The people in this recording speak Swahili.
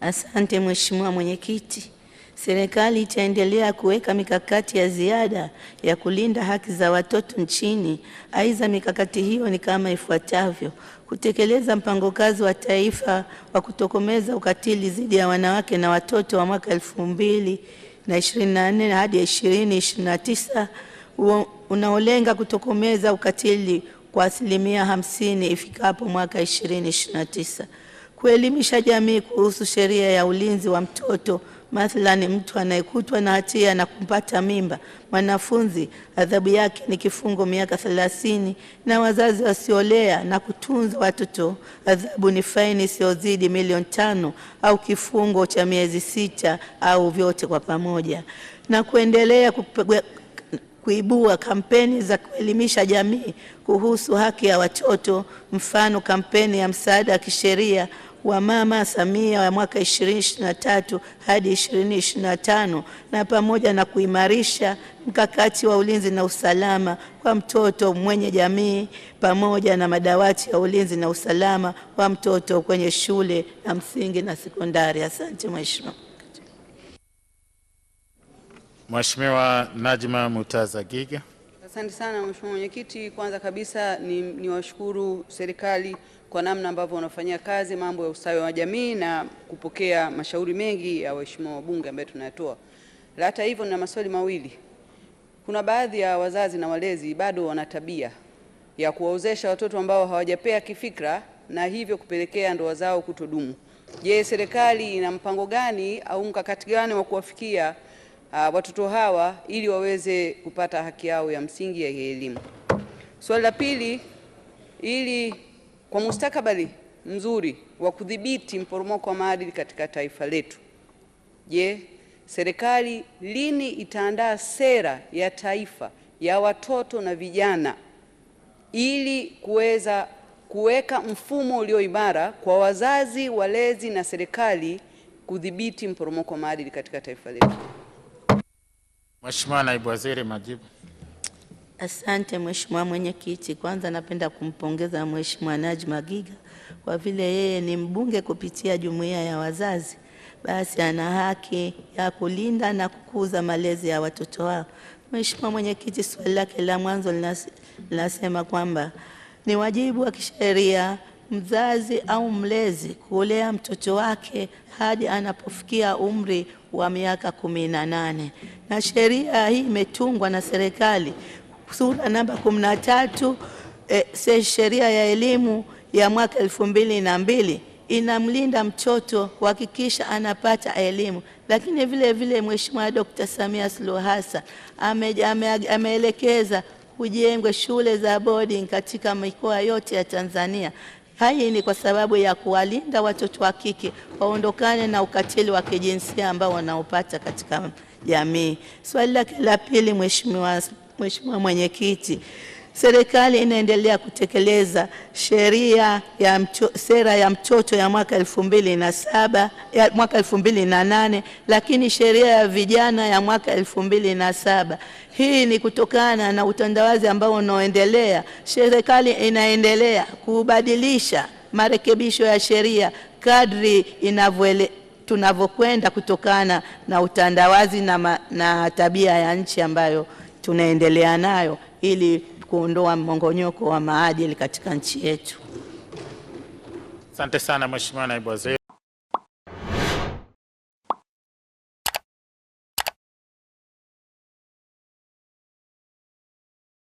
Asante Mheshimiwa Mwenyekiti. Serikali itaendelea kuweka mikakati ya ziada ya kulinda haki za watoto nchini. Aidha, mikakati hiyo ni kama ifuatavyo: kutekeleza mpango kazi wa taifa wa kutokomeza ukatili dhidi ya wanawake na watoto wa mwaka elfu na ishirini na hadi ishirini na tisa unaolenga kutokomeza ukatili kwa asilimia hamsini ifikapo mwaka ishirini tisa kuelimisha jamii kuhusu sheria ya ulinzi wa mtoto mathalani mtu anayekutwa na hatia na kumpata mimba mwanafunzi adhabu yake ni kifungo miaka thelathini na wazazi wasiolea na kutunza watoto adhabu ni faini isiyozidi milioni tano au kifungo cha miezi sita au vyote kwa pamoja na kuendelea kupegwe, kuibua kampeni za kuelimisha jamii kuhusu haki ya watoto mfano kampeni ya msaada wa kisheria wa Mama Samia wa mwaka 2023 hadi 2025 na pamoja na kuimarisha mkakati wa ulinzi na usalama kwa mtoto mwenye jamii pamoja na madawati ya ulinzi na usalama wa mtoto kwenye shule na msingi na sekondari. Asante Mheshimiwa. Mheshimiwa Najma Mutaza Giga. Asante sana Mheshimiwa Mwenyekiti. Kwanza kabisa ni, ni washukuru serikali kwa namna ambavyo wanafanyia kazi mambo ya ustawi wa jamii na kupokea mashauri mengi ya waheshimiwa wabunge ambayo tunayatoa. Hata hivyo, nina maswali mawili. Kuna baadhi ya wazazi na walezi bado wana tabia ya kuwaozesha watoto ambao hawajapea kifikra na hivyo kupelekea ndoa zao kutodumu. Je, serikali ina mpango gani au mkakati gani wa kuwafikia uh, watoto hawa ili waweze kupata haki yao ya msingi ya elimu. Swali la pili, ili kwa mustakabali mzuri wa kudhibiti mporomoko wa maadili katika taifa letu, je, serikali lini itaandaa sera ya taifa ya watoto na vijana ili kuweza kuweka mfumo ulio imara kwa wazazi, walezi na serikali kudhibiti mporomoko wa maadili katika taifa letu? Mheshimiwa Naibu Waziri, majibu. Asante Mheshimiwa Mwenyekiti, kwanza napenda kumpongeza Mheshimiwa Najma Giga kwa vile yeye ni mbunge kupitia jumuiya ya wazazi, basi ana haki ya kulinda na kukuza malezi ya watoto wao. Mheshimiwa Mwenyekiti, swali lake la mwanzo linasema kwamba ni wajibu wa kisheria mzazi au mlezi kulea mtoto wake hadi anapofikia umri wa miaka kumi na nane na sheria hii imetungwa na serikali sura namba kumi na tatu e, sheria ya elimu ya mwaka elfu mbili na mbili inamlinda mtoto kuhakikisha anapata elimu, lakini vile vile Mheshimiwa Dkt. Samia Suluhu Hassan ameelekeza ame, ameelekeza kujengwe shule za boarding katika mikoa yote ya Tanzania hai ni kwa sababu ya kuwalinda watoto wa kike waondokane na ukatili wa kijinsia ambao wanaopata katika jamii. Swali lake la pili, mheshimiwa mheshimiwa mwenyekiti Serikali inaendelea kutekeleza sheria ya mcho, sera ya mtoto ya mwaka elfu mbili na saba, ya mwaka elfu mbili na nane lakini sheria ya vijana ya mwaka elfu mbili na saba. Hii ni kutokana na utandawazi ambao unaoendelea. Serikali inaendelea kubadilisha marekebisho ya sheria kadri inavyoele tunavyokwenda kutokana na utandawazi na, ma, na tabia ya nchi ambayo tunaendelea nayo ili kuondoa mmongonyoko wa maadili katika nchi yetu. Asante sana Mheshimiwa Naibu Waziri.